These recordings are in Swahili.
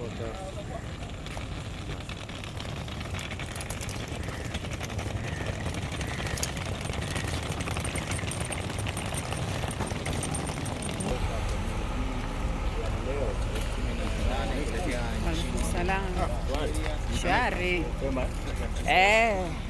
Вода. Ah, Shwari. Eh.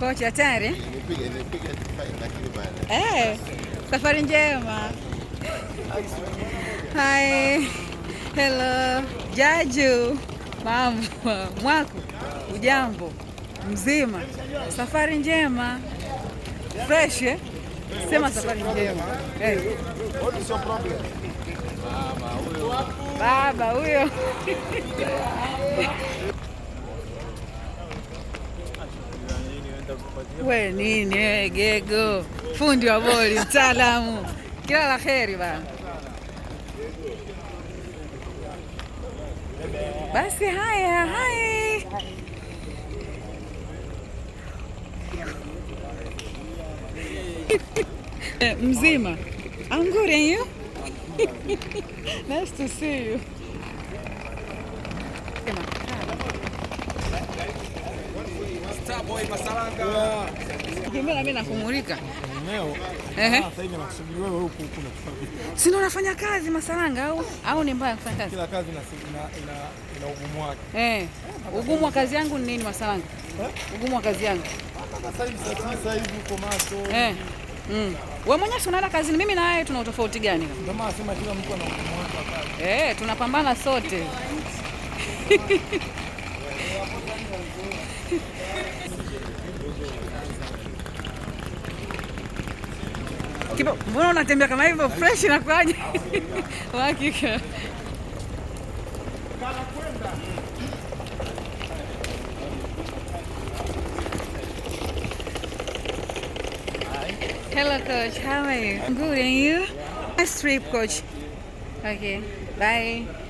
Kocha hatari. Eh? eh, safari njema. Hi. Hello. Jaju, mambo mwaku, ujambo mzima, safari njema, fresh eh? Sema safari njema eh. Baba huyo we nini we, Gego fundi wa boli mtaalamu, kila la kheri bana. Basi haya hai mzima angure eh? hiyo nice to see you nakumulika sina unafanya kazi Masalanga au au ni mbaya kufanya kazi? Kila kazi ina ina ugumu wake. Eh, ugumu wa kazi yangu ni nini Masalanga? Eh? Ugumu wa kazi yangu Sasa sasa hivi hivi uko Eh. Mm. wewe mwenyewe unaenda kazini, mimi na wewe tuna utofauti gani? kila mtu ana ugumu wake Eh, Tunapambana sote Mbona unatembea kama hivyo fresh inakuaje? Hakika. Hello coach, how are you? Good and you? Nice trip coach. Okay, bye.